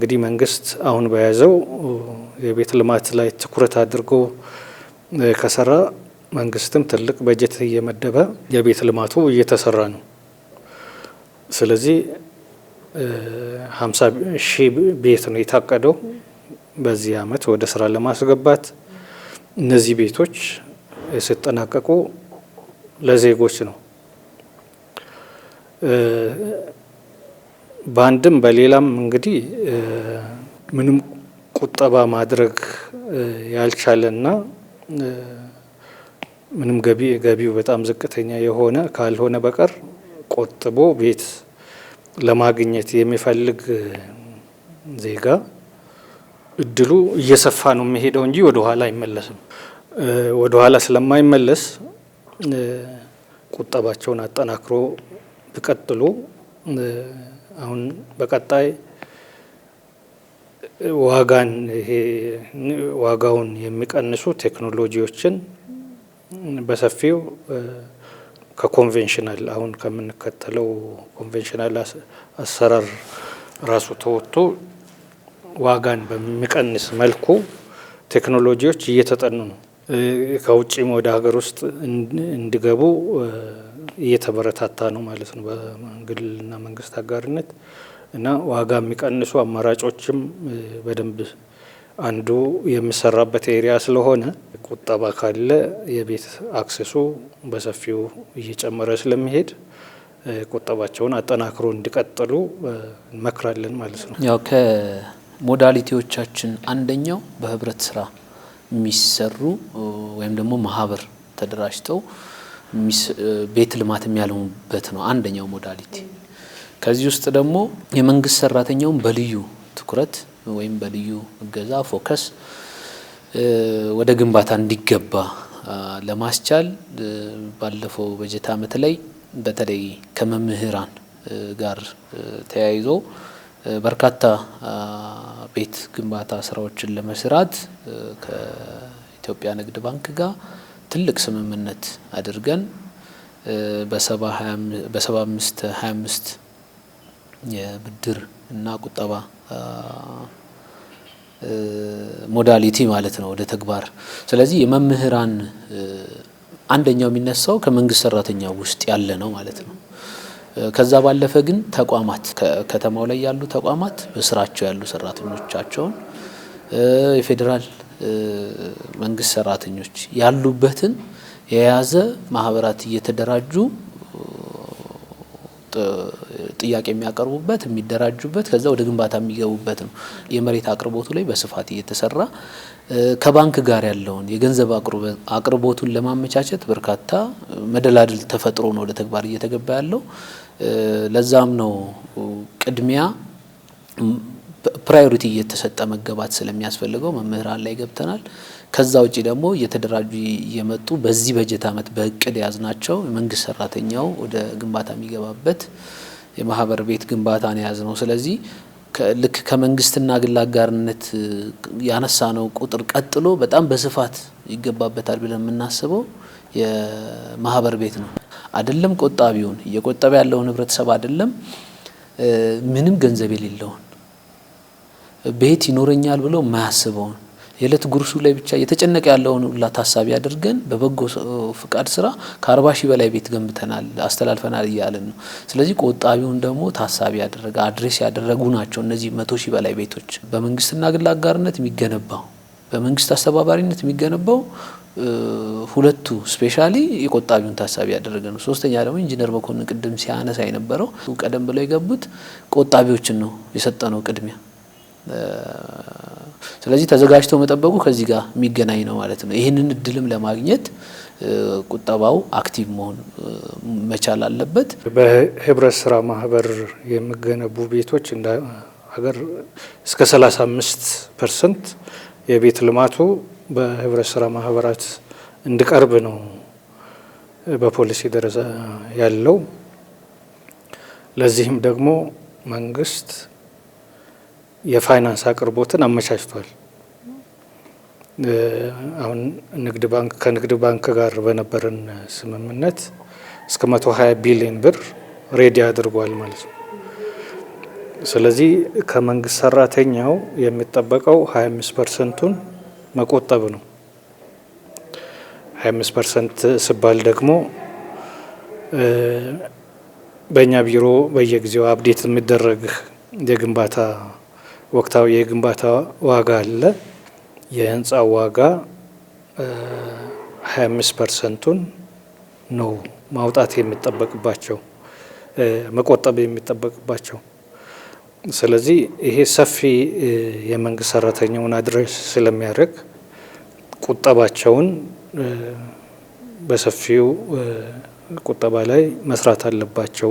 እንግዲህ መንግስት አሁን በያዘው የቤት ልማት ላይ ትኩረት አድርጎ ከሰራ መንግስትም ትልቅ በጀት እየመደበ የቤት ልማቱ እየተሰራ ነው። ስለዚህ ሀምሳ ሺህ ቤት ነው የታቀደው በዚህ አመት ወደ ስራ ለማስገባት። እነዚህ ቤቶች ሲጠናቀቁ ለዜጎች ነው። በአንድም በሌላም እንግዲህ ምንም ቁጠባ ማድረግ ያልቻለና ምንም ገቢ ገቢው በጣም ዝቅተኛ የሆነ ካልሆነ በቀር ቆጥቦ ቤት ለማግኘት የሚፈልግ ዜጋ እድሉ እየሰፋ ነው የሚሄደው እንጂ ወደ ኋላ አይመለስም። ወደ ኋላ ስለማይመለስ ቁጠባቸውን አጠናክሮ ቢቀጥሉ አሁን በቀጣይ ዋጋን ይሄ ዋጋውን የሚቀንሱ ቴክኖሎጂዎችን በሰፊው ከኮንቬንሽናል አሁን ከምንከተለው ኮንቬንሽናል አሰራር ራሱ ተወጥቶ ዋጋን በሚቀንስ መልኩ ቴክኖሎጂዎች እየተጠኑ ነው። ከውጭም ወደ ሀገር ውስጥ እንዲገቡ እየተበረታታ ነው ማለት ነው በግልና መንግስት አጋርነት እና ዋጋ የሚቀንሱ አማራጮችም በደንብ አንዱ የሚሰራበት ኤሪያ ስለሆነ ቁጠባ ካለ የቤት አክሰሱ በሰፊው እየጨመረ ስለሚሄድ ቁጠባቸውን አጠናክሮ እንዲቀጥሉ እንመክራለን ማለት ነው። ያው ከሞዳሊቲዎቻችን አንደኛው በህብረት ስራ የሚሰሩ ወይም ደግሞ ማህበር ተደራጅተው ቤት ልማት የሚያለሙበት ነው አንደኛው ሞዳሊቲ። ከዚህ ውስጥ ደግሞ የመንግስት ሰራተኛውን በልዩ ትኩረት ወይም በልዩ እገዛ ፎከስ ወደ ግንባታ እንዲገባ ለማስቻል ባለፈው በጀት ዓመት ላይ በተለይ ከመምህራን ጋር ተያይዞ በርካታ ቤት ግንባታ ስራዎችን ለመስራት ከኢትዮጵያ ንግድ ባንክ ጋር ትልቅ ስምምነት አድርገን በሰባ አምስት ሀያ አምስት የብድር እና ቁጠባ ሞዳሊቲ ማለት ነው ወደ ተግባር። ስለዚህ የመምህራን አንደኛው የሚነሳው ከመንግስት ሰራተኛ ውስጥ ያለ ነው ማለት ነው። ከዛ ባለፈ ግን ተቋማት ከተማው ላይ ያሉ ተቋማት በስራቸው ያሉ ሰራተኞቻቸውን የፌዴራል መንግስት ሰራተኞች ያሉበትን የያዘ ማህበራት እየተደራጁ ጥያቄ የሚያቀርቡበት የሚደራጁበት ከዛ ወደ ግንባታ የሚገቡበት ነው። የመሬት አቅርቦቱ ላይ በስፋት እየተሰራ ከባንክ ጋር ያለውን የገንዘብ አቅርቦቱን ለማመቻቸት በርካታ መደላድል ተፈጥሮ ነው ወደ ተግባር እየተገባ ያለው። ለዛም ነው ቅድሚያ ፕራዮሪቲ እየተሰጠ መገባት ስለሚያስፈልገው መምህራን ላይ ገብተናል። ከዛ ውጪ ደግሞ እየተደራጁ እየመጡ በዚህ በጀት ዓመት በእቅድ የያዝናቸው መንግስት ሰራተኛው ወደ ግንባታ የሚገባበት የማህበር ቤት ግንባታን የያዝ ነው። ስለዚህ ልክ ከመንግስትና ግል አጋርነት ያነሳ ነው ቁጥር ቀጥሎ በጣም በስፋት ይገባበታል ብለን የምናስበው የማህበር ቤት ነው። አይደለም ቆጣቢውን እየቆጠበ ያለውን ህብረተሰብ አይደለም ምንም ገንዘብ የሌለውን ቤት ይኖረኛል ብሎ የማያስበውን የዕለት ጉርሱ ላይ ብቻ እየተጨነቀ ያለውን ሁላ ታሳቢ አድርገን በበጎ ፍቃድ ስራ ከአርባ ሺህ በላይ ቤት ገንብተናል አስተላልፈናል እያለን ነው። ስለዚህ ቆጣቢውን ደግሞ ታሳቢ ያደረገ አድሬስ ያደረጉ ናቸው እነዚህ መቶ ሺህ በላይ ቤቶች በመንግስትና ግል አጋርነት የሚገነባው በመንግስት አስተባባሪነት የሚገነባው ሁለቱ ስፔሻሊ የቆጣቢውን ታሳቢ ያደረገ ነው። ሶስተኛ ደግሞ ኢንጂነር መኮንን ቅድም ሲያነሳ የነበረው ቀደም ብለው የገቡት ቆጣቢዎችን ነው የሰጠነው ቅድሚያ ስለዚህ ተዘጋጅቶ መጠበቁ ከዚህ ጋር የሚገናኝ ነው ማለት ነው። ይህንን እድልም ለማግኘት ቁጠባው አክቲቭ መሆን መቻል አለበት። በህብረት ስራ ማህበር የሚገነቡ ቤቶች እንደ ሀገር እስከ 35 ፐርሰንት የቤት ልማቱ በህብረት ስራ ማህበራት እንዲቀርብ ነው በፖሊሲ ደረጃ ያለው። ለዚህም ደግሞ መንግስት የፋይናንስ አቅርቦትን አመቻችቷል። አሁን ንግድ ባንክ ከንግድ ባንክ ጋር በነበረን ስምምነት እስከ 120 ቢሊዮን ብር ሬዲ አድርጓል ማለት ነው። ስለዚህ ከመንግስት ሰራተኛው የሚጠበቀው 25 ፐርሰንቱን መቆጠብ ነው። 25 ፐርሰንት ስባል ደግሞ በእኛ ቢሮ በየጊዜው አብዴት የሚደረግ የግንባታ ወቅታዊ የግንባታ ዋጋ አለ። የህንፃው ዋጋ 25 ፐርሰንቱን ነው ማውጣት የሚጠበቅባቸው መቆጠብ የሚጠበቅባቸው። ስለዚህ ይሄ ሰፊ የመንግስት ሰራተኛውን አድሬስ ስለሚያደርግ ቁጠባቸውን በሰፊው ቁጠባ ላይ መስራት አለባቸው